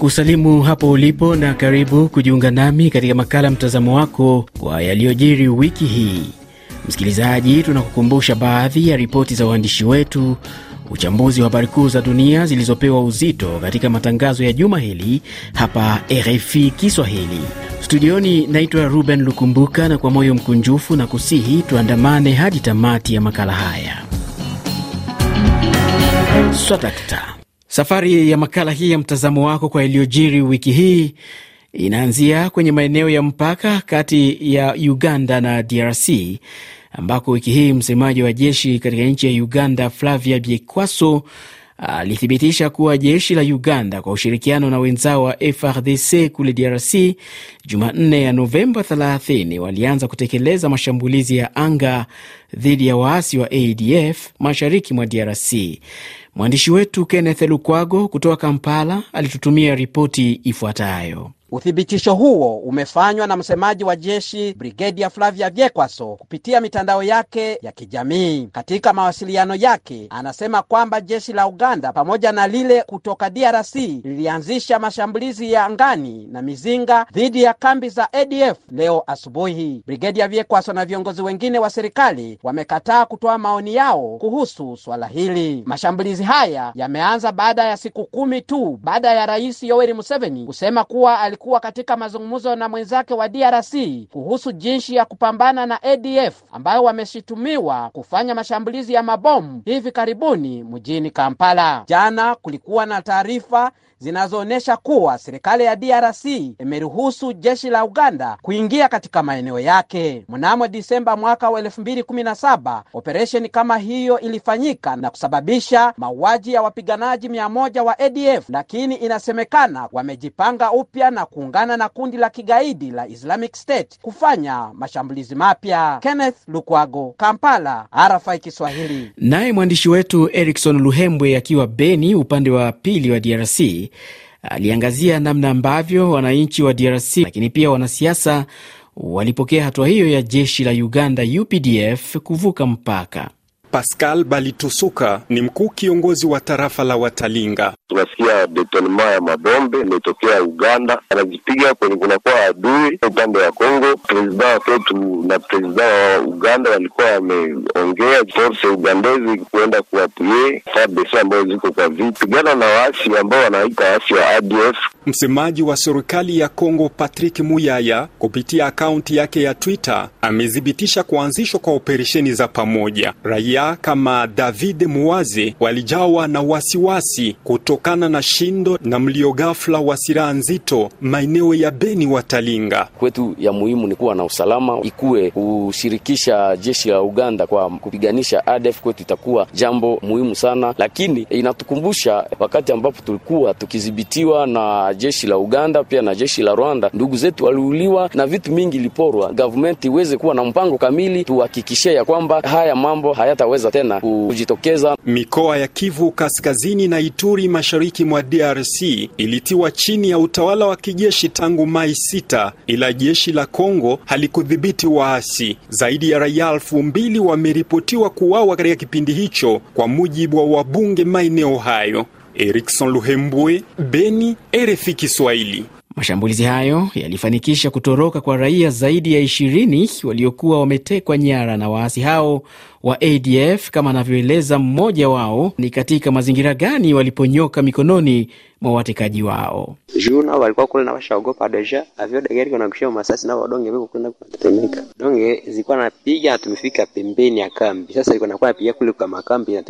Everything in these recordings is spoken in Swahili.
kusalimu hapo ulipo na karibu kujiunga nami katika makala mtazamo wako kwa yaliyojiri wiki hii. Msikilizaji, tunakukumbusha baadhi ya ripoti za uandishi wetu, uchambuzi wa habari kuu za dunia zilizopewa uzito katika matangazo ya juma hili hapa RFI Kiswahili. Studioni naitwa Ruben Lukumbuka, na kwa moyo mkunjufu na kusihi tuandamane hadi tamati ya makala haya. Swadakta. Safari ya makala hii ya mtazamo wako kwa yaliyojiri wiki hii inaanzia kwenye maeneo ya mpaka kati ya Uganda na DRC ambako wiki hii msemaji wa jeshi katika nchi ya Uganda Flavia Biekwaso alithibitisha kuwa jeshi la Uganda kwa ushirikiano na wenzao wa FRDC kule DRC Jumanne ya Novemba 30 walianza kutekeleza mashambulizi ya anga dhidi ya waasi wa ADF mashariki mwa DRC. Mwandishi wetu Kenneth Lukwago kutoka Kampala alitutumia ripoti ifuatayo. Uthibitisho huo umefanywa na msemaji wa jeshi Brigedia Flavia Vyekwaso kupitia mitandao yake ya kijamii. Katika mawasiliano yake, anasema kwamba jeshi la Uganda pamoja na lile kutoka DRC lilianzisha mashambulizi ya angani na mizinga dhidi ya kambi za ADF leo asubuhi. Brigedia Vyekwaso na viongozi wengine wa serikali wamekataa kutoa maoni yao kuhusu swala hili. Mashambulizi haya yameanza baada ya siku kumi tu baada ya Rais Yoweri Museveni kusema kuwa alikuwa katika mazungumzo na mwenzake wa DRC kuhusu jinsi ya kupambana na ADF ambayo wameshitumiwa kufanya mashambulizi ya mabomu hivi karibuni mjini Kampala. Jana kulikuwa na taarifa zinazoonyesha kuwa serikali ya DRC imeruhusu jeshi la Uganda kuingia katika maeneo yake. Mnamo Disemba mwaka wa 2017, operesheni kama hiyo ilifanyika na kusababisha mauaji ya wapiganaji 100 wa ADF, lakini inasemekana wamejipanga upya na kuungana na kundi la kigaidi la Islamic State kufanya mashambulizi mapya. Kenneth Lukwago, Kampala, RFI Kiswahili. Naye mwandishi wetu Erikson Luhembwe akiwa Beni upande wa pili wa DRC aliangazia namna ambavyo wananchi wa DRC lakini pia wanasiasa walipokea hatua hiyo ya jeshi la Uganda UPDF kuvuka mpaka. Pascal Balitusuka ni mkuu kiongozi wa tarafa la Watalinga tunasikia detonema ya mabombe imetokea Uganda, anajipiga kwenye kunakuwa adui upande wa Kongo. Presida wetu na presida wa Uganda walikuwa wameongea force ugandezi kuenda kuapue FARDC ambayo ziko kwa vita pigana na waasi ambao wanaita waasi wa ADF. Msemaji wa serikali ya Kongo Patrick Muyaya kupitia akaunti yake ya Twitter amethibitisha kuanzishwa kwa operesheni za pamoja. Raia kama David Muwaze walijawa na wasiwasi kutoka kutokana na shindo na mlio ghafla wa silaha nzito maeneo ya Beni Watalinga. Kwetu ya muhimu ni kuwa na usalama, ikuwe kushirikisha jeshi la Uganda kwa kupiganisha ADF kwetu itakuwa jambo muhimu sana, lakini inatukumbusha wakati ambapo tulikuwa tukidhibitiwa na jeshi la Uganda pia na jeshi la Rwanda, ndugu zetu waliuliwa na vitu mingi iliporwa. Gavumenti iweze kuwa na mpango kamili, tuhakikishe ya kwamba haya mambo hayataweza tena kujitokeza. Mikoa ya Kivu Kaskazini na Ituri mash mashariki mwa DRC ilitiwa chini ya utawala wa kijeshi tangu Mai sita, ila jeshi la Kongo halikudhibiti waasi. Zaidi ya raia elfu mbili wameripotiwa kuuawa katika kipindi hicho, kwa mujibu wa wabunge maeneo hayo. Erikson Luhembwe, Beni, RFI Kiswahili. Mashambulizi hayo yalifanikisha kutoroka kwa raia zaidi ya ishirini waliokuwa wametekwa nyara na waasi hao wa ADF kama anavyoeleza mmoja wao ni katika mazingira gani waliponyoka mikononi mwa watekaji wao. Juu nao walikuwa kule na washaogopa deja avyo masasi wadonge viko Donge zilikuwa napiga tumefika pembeni ya kambi. Sasa nakuwa napiga kule kwa makambi na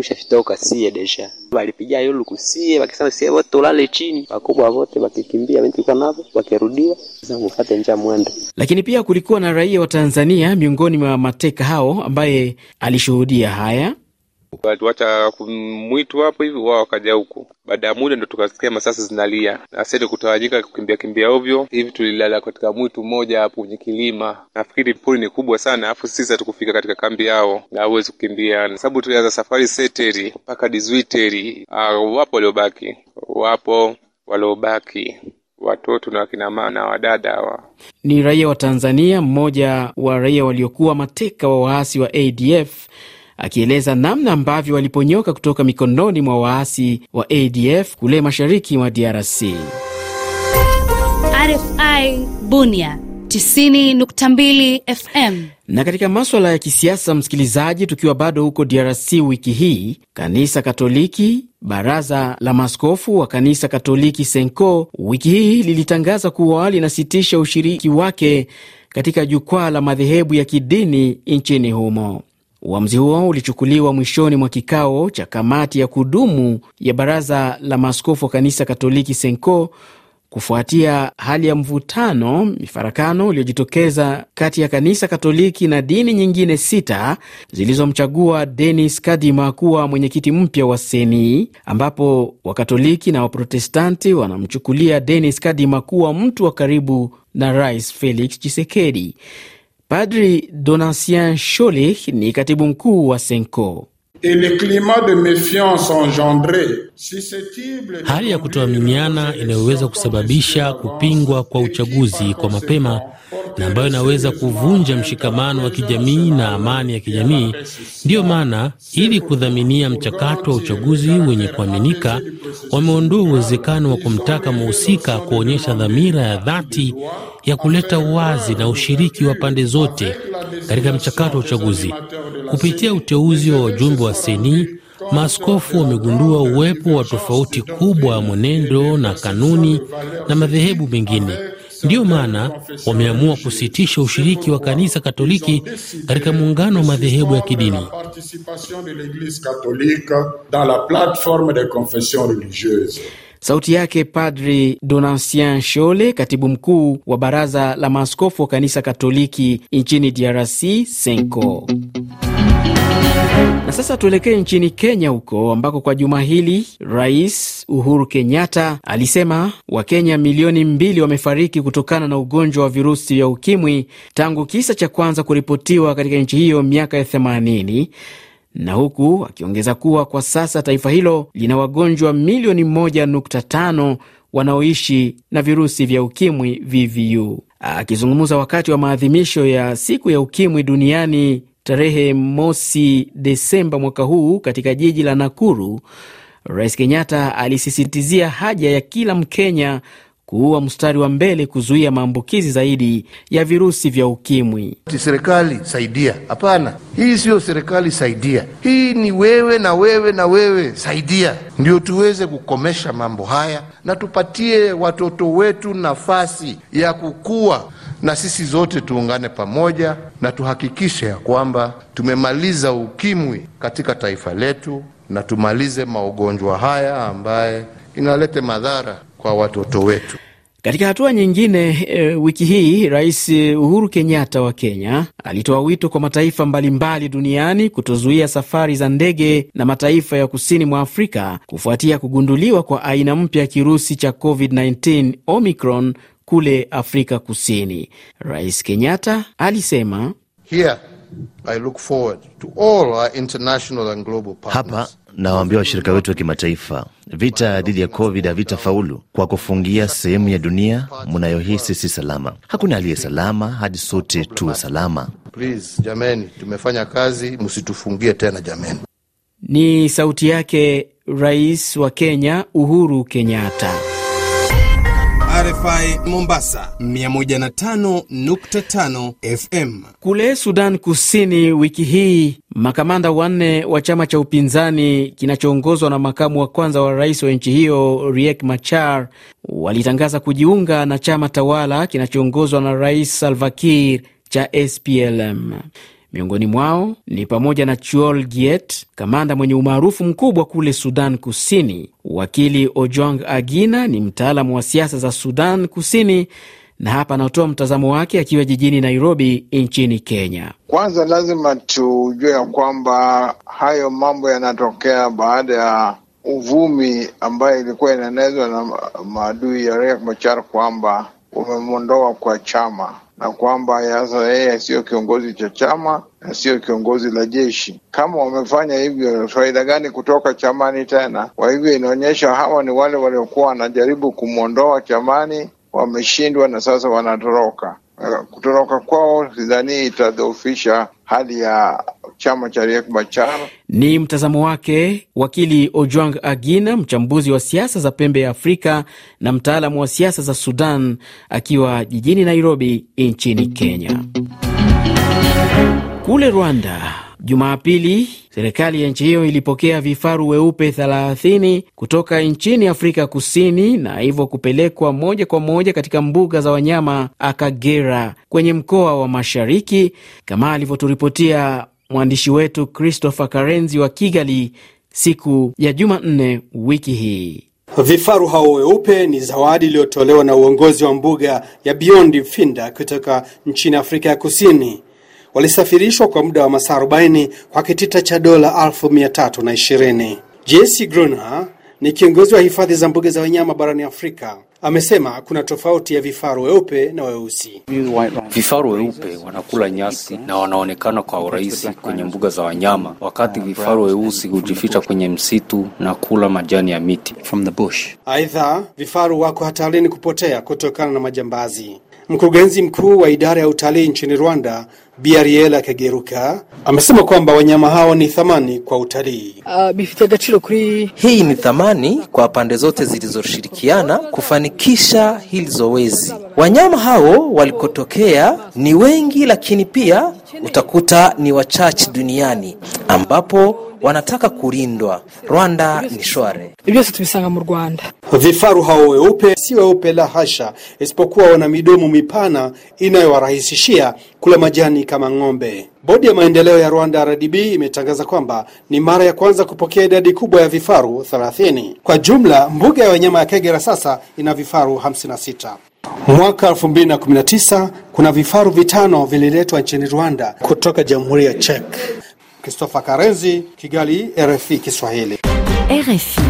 sie deja. Walipiga kusie wakisema sie wote chini. Wakubwa wote wakikimbia mimi tulikuwa wakirudia sasa njia Lakini pia kulikuwa na raia wa Tanzania miongoni mwa mateka hao ambaye ali tulishuhudia haya. Waliwacha kumwitu hapo hivi, wao wakaja huku. Baada ya muda ndo tukasikia masasi zinalia na sisi kutawanyika kukimbia kimbia ovyo hivi. Tulilala katika mwitu mmoja hapo kwenye kilima, nafikiri pori ni kubwa sana, alafu sisi hatukufika katika kambi yao na hawezi kukimbia, sababu tulianza safari seteri mpaka Dizwiteri. Ah, wapo waliobaki, wapo waliobaki watoto na wakina mama na wadada hawa ni raia wa Tanzania, mmoja wa raia waliokuwa mateka wa waasi wa ADF akieleza namna ambavyo waliponyoka kutoka mikononi mwa waasi wa ADF kule mashariki mwa DRC. RFI Bunia 90.2 FM. Na katika maswala ya kisiasa, msikilizaji, tukiwa bado huko DRC, wiki hii kanisa Katoliki, baraza la maskofu wa kanisa Katoliki Senko, wiki hii lilitangaza kuwa linasitisha ushiriki wake katika jukwaa la madhehebu ya kidini nchini humo. Uamuzi huo ulichukuliwa mwishoni mwa kikao cha kamati ya kudumu ya baraza la maskofu wa kanisa Katoliki Senko kufuatia hali ya mvutano, mifarakano uliojitokeza kati ya kanisa Katoliki na dini nyingine sita zilizomchagua Denis Kadima kuwa mwenyekiti mpya wa Seni, ambapo Wakatoliki na Waprotestanti wanamchukulia Denis Kadima kuwa mtu wa karibu na Rais Felix chisekedi Padri Donatien Sholich ni katibu mkuu wa Senko et le climat de méfiance engendré hali ya kutoaminiana inayoweza kusababisha kupingwa kwa uchaguzi kwa mapema na ambayo inaweza kuvunja mshikamano wa kijamii na amani ya kijamii. Ndiyo maana ili kudhaminia mchakato wa uchaguzi wenye kuaminika, wameondoa uwezekano wa kumtaka mhusika kuonyesha dhamira ya dhati ya kuleta uwazi na ushiriki wa pande zote katika mchakato wa uchaguzi. Kupitia uteuzi wa wajumbe wa seni, maaskofu wamegundua uwepo wa tofauti kubwa ya mwenendo na kanuni na madhehebu mengine. Ndiyo maana wameamua kusitisha ushiriki wa kanisa Katoliki katika muungano wa madhehebu ya kidini. Sauti yake Padri Donancien Shole, katibu mkuu wa baraza la maaskofu wa kanisa Katoliki nchini DRC, SENKO. Na sasa tuelekee nchini Kenya, huko ambako kwa juma hili Rais Uhuru Kenyatta alisema Wakenya milioni mbili wamefariki kutokana na ugonjwa wa virusi vya ukimwi tangu kisa cha kwanza kuripotiwa katika nchi hiyo miaka ya 80 na huku akiongeza kuwa kwa sasa taifa hilo lina wagonjwa milioni 1.5 wanaoishi na virusi vya ukimwi VVU. Akizungumza wakati wa maadhimisho ya siku ya ukimwi duniani tarehe mosi Desemba mwaka huu katika jiji la Nakuru, Rais Kenyatta alisisitizia haja ya kila Mkenya kuua mstari wa mbele kuzuia maambukizi zaidi ya virusi vya ukimwi. Serikali saidia? Hapana, hii siyo serikali saidia, hii ni wewe na wewe na wewe saidia, ndio tuweze kukomesha mambo haya na tupatie watoto wetu nafasi ya kukua, na sisi zote tuungane pamoja na tuhakikishe ya kwamba tumemaliza ukimwi katika taifa letu na tumalize maugonjwa haya ambaye inaleta madhara kwa watoto wetu. Katika hatua nyingine e, wiki hii Rais Uhuru Kenyatta wa Kenya alitoa wito kwa mataifa mbalimbali duniani kutozuia safari za ndege na mataifa ya kusini mwa Afrika kufuatia kugunduliwa kwa aina mpya ya kirusi cha COVID-19 Omicron kule Afrika Kusini. Rais Kenyatta alisema Here. I look forward to all our international and global partners. Hapa nawaambia washirika wetu wa kimataifa, vita dhidi ya COVID havita faulu kwa kufungia sehemu ya dunia mnayohisi si salama. Hakuna aliye salama hadi sote tuwe salama. Please, jameni, tumefanya kazi, msitufungie tena jameni. Ni sauti yake Rais wa Kenya Uhuru Kenyatta. RFI Mombasa 105.5 FM. Kule Sudan Kusini wiki hii makamanda wanne wa chama cha upinzani kinachoongozwa na makamu wa kwanza wa rais wa nchi hiyo Riek Machar walitangaza kujiunga na chama tawala kinachoongozwa na Rais Salva Kiir cha SPLM. Miongoni mwao ni pamoja na Chuol Giet, kamanda mwenye umaarufu mkubwa kule Sudan Kusini. Wakili Ojong Agina ni mtaalamu wa siasa za Sudan Kusini na hapa anatoa mtazamo wake akiwa jijini Nairobi nchini Kenya. Kwanza lazima tujue ya kwamba hayo mambo yanatokea baada ya uvumi ambayo ilikuwa inaenezwa na maadui ya Riek Machar kwamba umemondoa kwa chama na kwamba sasa yeye asiyo kiongozi cha chama na siyo kiongozi la jeshi. Kama wamefanya hivyo, faida gani kutoka chamani tena? Kwa hivyo inaonyesha hawa ni wale waliokuwa wanajaribu kumwondoa chamani, wameshindwa na sasa wanatoroka. Eh, kutoroka kwao sidhanii itadhoofisha hali ya chama cha Riek Machar. Ni mtazamo wake wakili ojuang Agina, mchambuzi wa siasa za pembe ya Afrika na mtaalamu wa siasa za Sudan, akiwa jijini Nairobi nchini Kenya. Kule Rwanda Jumapili, serikali ya nchi hiyo ilipokea vifaru weupe 30 kutoka nchini Afrika Kusini na hivyo kupelekwa moja kwa moja katika mbuga za wanyama Akagera kwenye mkoa wa Mashariki, kama alivyoturipotia mwandishi wetu Christopher Karenzi wa Kigali siku ya Jumanne wiki hii. Vifaru hao weupe ni zawadi iliyotolewa na uongozi wa mbuga ya Beyond Finda kutoka nchini Afrika ya Kusini. Walisafirishwa kwa muda wa masaa 40 kwa kitita cha dola elfu mia tatu na ishirini. Jesse Gruner ni kiongozi wa hifadhi za mbuga za wanyama barani Afrika. Amesema kuna tofauti ya vifaru weupe na weusi. Vifaru weupe wanakula nyasi na wanaonekana kwa urahisi kwenye mbuga za wanyama, wakati vifaru weusi hujificha kwenye msitu na kula majani ya miti. Aidha, vifaru wako hatarini kupotea kutokana na majambazi. Mkurugenzi mkuu wa idara ya utalii nchini Rwanda biariela Ariella Kageruka amesema kwamba wanyama hao ni thamani kwa utalii. Ah, Hii ni thamani kwa pande zote zilizoshirikiana kufanikisha hili zoezi. Wanyama hao walikotokea ni wengi, lakini pia utakuta ni wachache duniani ambapo wanataka kulindwa. Rwanda ni shwari, vyose tubisanga mu Rwanda. Vifaru hao weupe si weupe la hasha, isipokuwa wana midomo mipana inayowarahisishia kula majani kama ng'ombe. Bodi ya maendeleo ya Rwanda RDB imetangaza kwamba ni mara ya kwanza kupokea idadi kubwa ya vifaru 30. Kwa jumla mbuga ya wanyama ya Kagera sasa ina vifaru 56. Mwaka 2019 kuna vifaru vitano vililetwa nchini Rwanda kutoka Jamhuri ya Czech. Christopher Karenzi, Kigali, RFI Kiswahili. RFI.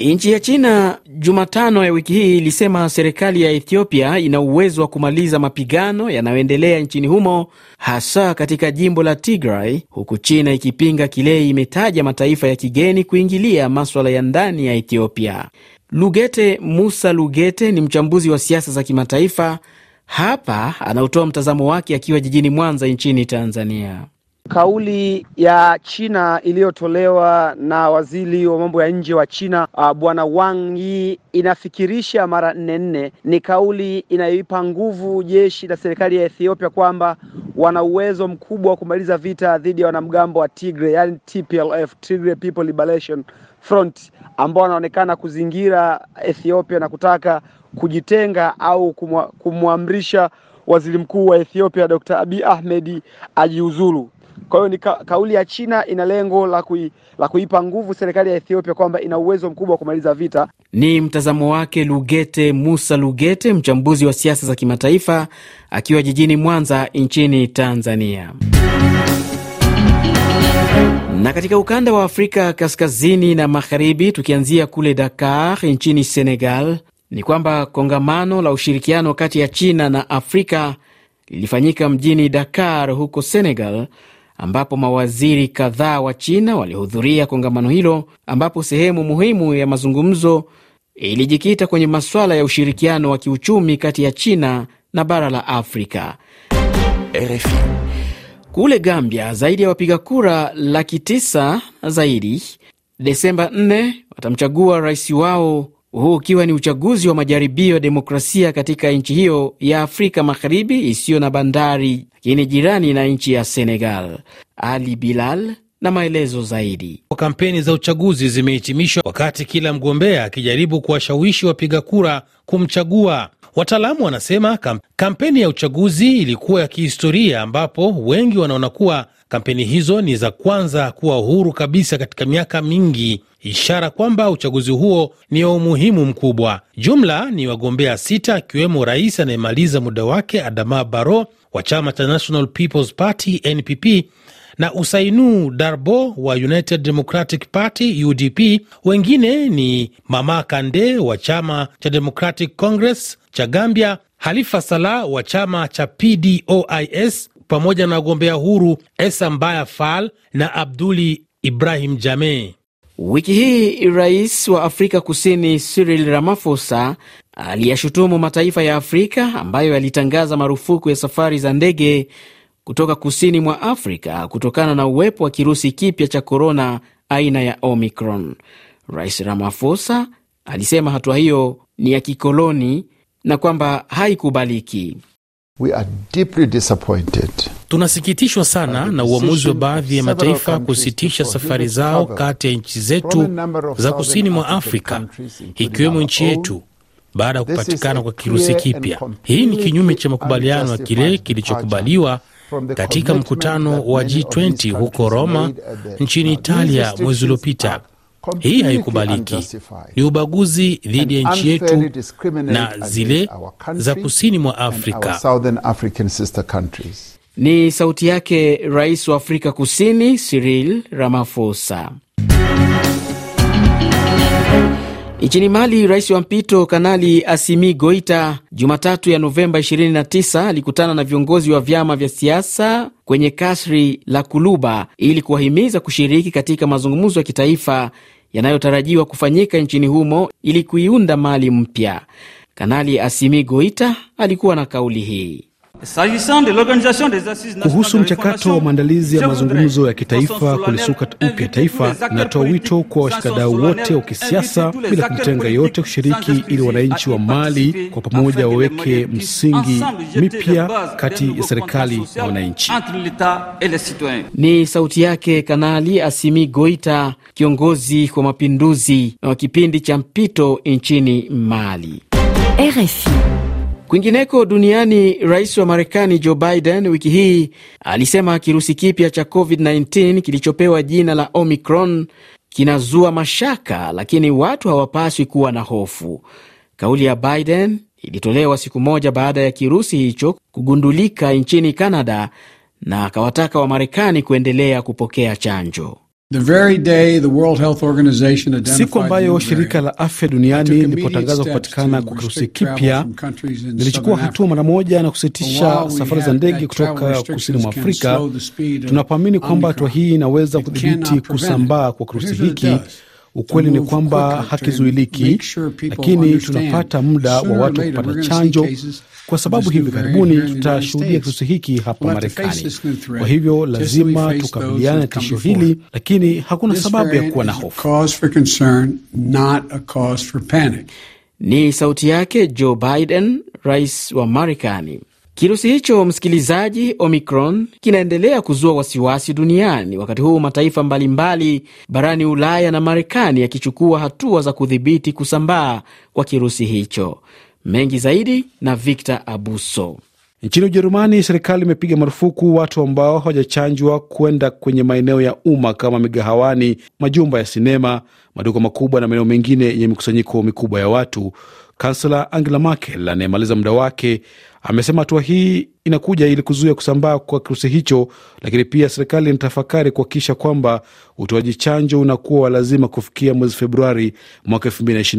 Nchi ya China Jumatano ya wiki hii ilisema serikali ya Ethiopia ina uwezo wa kumaliza mapigano yanayoendelea nchini humo hasa katika jimbo la Tigray, huku China ikipinga kile imetaja mataifa ya kigeni kuingilia maswala ya ndani ya Ethiopia. Lugete Musa Lugete ni mchambuzi wa siasa za kimataifa. Hapa anautoa mtazamo wake akiwa jijini Mwanza nchini Tanzania. Kauli ya China iliyotolewa na waziri wa mambo ya nje wa China uh, bwana Wang Yi inafikirisha mara nne nne. Ni kauli inayoipa nguvu jeshi la serikali ya Ethiopia kwamba wana uwezo mkubwa wa kumaliza vita dhidi ya wanamgambo wa Tigre, yani TPLF, Tigre People Liberation Front, ambao wanaonekana kuzingira Ethiopia na kutaka kujitenga au kumwa, kumwamrisha waziri mkuu wa Ethiopia Dr. Abiy Ahmed ajiuzulu. Kwa hiyo ni ka, kauli ya China ina lengo la, kui, la kuipa nguvu serikali ya Ethiopia kwamba ina uwezo mkubwa wa kumaliza vita. Ni mtazamo wake Lugete Musa Lugete, mchambuzi wa siasa za kimataifa akiwa jijini Mwanza nchini Tanzania. Na katika ukanda wa Afrika kaskazini na magharibi, tukianzia kule Dakar nchini Senegal, ni kwamba kongamano la ushirikiano kati ya China na Afrika lilifanyika mjini Dakar huko Senegal, ambapo mawaziri kadhaa wa China walihudhuria kongamano hilo, ambapo sehemu muhimu ya mazungumzo ilijikita kwenye masuala ya ushirikiano wa kiuchumi kati ya China na bara la Afrika. RFI. Kule Gambia, zaidi ya wapiga kura laki tisa zaidi Desemba 4 watamchagua rais wao huu ukiwa ni uchaguzi wa majaribio ya demokrasia katika nchi hiyo ya Afrika Magharibi isiyo na bandari, lakini jirani na nchi ya Senegal. Ali Bilal na maelezo zaidi. Kampeni za uchaguzi zimehitimishwa wakati kila mgombea akijaribu kuwashawishi wapiga kura kumchagua. Wataalamu wanasema kampeni ya uchaguzi ilikuwa ya kihistoria, ambapo wengi wanaona kuwa kampeni hizo ni za kwanza kuwa huru kabisa katika miaka mingi ishara kwamba uchaguzi huo ni wa umuhimu mkubwa. Jumla ni wagombea sita, akiwemo rais anayemaliza muda wake Adama Barrow wa chama cha National People's Party NPP na Usainu Darbo wa United Democratic Party UDP. Wengine ni Mama Kande wa chama cha Democratic Congress cha Gambia, Halifa Salah wa chama cha PDOIS pamoja na wagombea huru Esa Mbaya Fall na Abduli Ibrahim Jame. Wiki hii rais wa Afrika Kusini Cyril Ramaphosa aliyashutumu mataifa ya Afrika ambayo yalitangaza marufuku ya safari za ndege kutoka kusini mwa Afrika kutokana na uwepo wa kirusi kipya cha korona aina ya Omicron. Rais Ramaphosa alisema hatua hiyo ni ya kikoloni na kwamba haikubaliki. We are deeply disappointed. Tunasikitishwa sana na uamuzi wa baadhi ya mataifa kusitisha safari zao kati ya nchi zetu za kusini mwa Afrika ikiwemo nchi yetu baada ya kupatikana kwa kirusi kipya. Hii ni kinyume cha makubaliano ya kile kilichokubaliwa katika mkutano wa G20 huko Roma nchini Italia mwezi uliopita. Hii haikubaliki, ni ubaguzi dhidi ya nchi yetu na zile za kusini mwa Afrika. Ni sauti yake Rais wa Afrika Kusini Cyril Ramaphosa. Nchini Mali, rais wa mpito Kanali Asimi Goita Jumatatu ya Novemba 29 alikutana na viongozi wa vyama vya siasa kwenye kasri la Kuluba ili kuwahimiza kushiriki katika mazungumzo ya kitaifa yanayotarajiwa kufanyika nchini humo ili kuiunda Mali mpya. Kanali Asimi Goita alikuwa na kauli hii. Kuhusu mchakato wa maandalizi ya mazungumzo ya kitaifa kulisuka upya taifa, inatoa wito kwa washikadau wote wa kisiasa bila kumtenga yote kushiriki, ili wananchi wa Mali kwa pamoja waweke msingi mipya kati ya serikali na wananchi. Ni sauti yake Kanali Asimi Goita, kiongozi wa mapinduzi wa kipindi cha mpito nchini Mali. RFI. Kwingineko duniani, rais wa Marekani Joe Biden wiki hii alisema kirusi kipya cha COVID-19 kilichopewa jina la Omicron kinazua mashaka, lakini watu hawapaswi kuwa na hofu. Kauli ya Biden ilitolewa siku moja baada ya kirusi hicho kugundulika nchini canada na akawataka Wamarekani kuendelea kupokea chanjo. Siku ambayo shirika la afya duniani lilipotangaza kupatikana kwa kirusi kipya, lilichukua hatua mara moja na kusitisha safari za ndege kutoka kusini mwa Afrika, tunapoamini kwamba hatua hii inaweza kudhibiti kusambaa kwa kirusi hiki Ukweli ni kwamba hakizuiliki, lakini tunapata muda wa watu kupata chanjo, kwa sababu hivi karibuni tutashuhudia kirusi hiki hapa Marekani. Kwa hivyo lazima tukabiliana na tishio hili, lakini hakuna sababu ya kuwa na hofu. Ni sauti yake Joe Biden, rais wa Marekani. Kirusi hicho msikilizaji, Omicron, kinaendelea kuzua wasiwasi duniani, wakati huu mataifa mbalimbali barani Ulaya na Marekani yakichukua hatua za kudhibiti kusambaa kwa kirusi hicho. Mengi zaidi na Victor Abuso. Nchini Ujerumani, serikali imepiga marufuku watu ambao hawajachanjwa kwenda kwenye maeneo ya umma kama migahawani, majumba ya sinema, maduka makubwa na maeneo mengine yenye mikusanyiko mikubwa ya watu. Kansela Angela Merkel anayemaliza muda wake Amesema hatua hii inakuja ili kuzuia kusambaa kwa kirusi hicho, lakini pia serikali inatafakari kuhakikisha kwamba utoaji chanjo unakuwa wa lazima kufikia mwezi Februari mwaka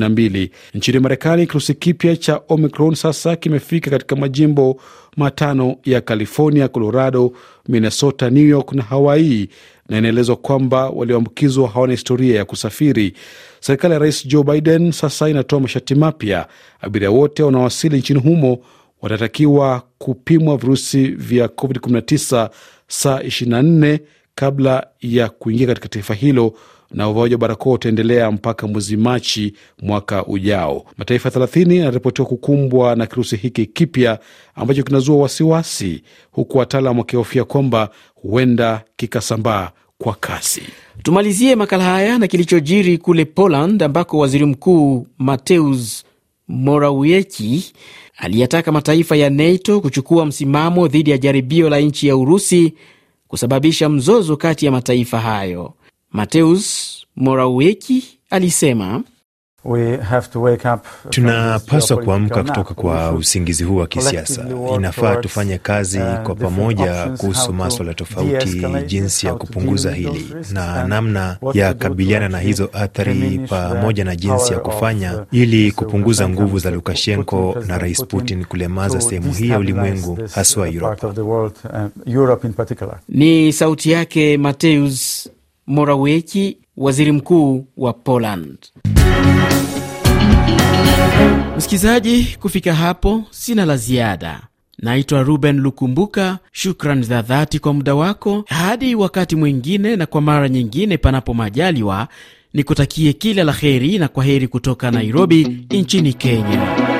mbili. Nchini Marekani, kirusi kipya cha Omicron sasa kimefika katika majimbo matano ya California, Colorado, Minnesota, New York na Hawaii, na inaelezwa kwamba walioambukizwa hawana historia ya kusafiri. Serikali ya Rais Joe Biden sasa inatoa masharti mapya. Abiria wote wanaowasili nchini humo watatakiwa kupimwa virusi vya COVID-19 saa 24 kabla ya kuingia katika taifa hilo na uvaaji wa barakoa utaendelea mpaka mwezi Machi mwaka ujao. Mataifa 30 yanaripotiwa kukumbwa na kirusi hiki kipya ambacho kinazua wasiwasi, huku wataalam wakihofia kwamba huenda kikasambaa kwa kasi. Tumalizie makala haya na kilichojiri kule Poland ambako waziri mkuu Mateusz Morawiecki aliyataka mataifa ya NATO kuchukua msimamo dhidi ya jaribio la nchi ya Urusi kusababisha mzozo kati ya mataifa hayo. Mateus Morawiecki alisema Tunapaswa kuamka kutoka kwa usingizi huu wa kisiasa. Inafaa tufanye kazi kwa pamoja kuhusu maswala tofauti, jinsi ya kupunguza hili na namna ya kabiliana na hizo athari, pamoja na jinsi ya kufanya ili kupunguza nguvu za Lukashenko na Rais Putin kulemaza sehemu hii ya ulimwengu, haswa uh, Uropa. Uh, Ni sauti yake Mateusz Morawiecki, waziri mkuu wa Poland. Msikilizaji, kufika hapo sina la ziada. Naitwa Ruben Lukumbuka. Shukrani za dhati kwa muda wako. Hadi wakati mwingine, na kwa mara nyingine, panapo majaliwa, nikutakie kila la heri na kwa heri kutoka Nairobi nchini Kenya.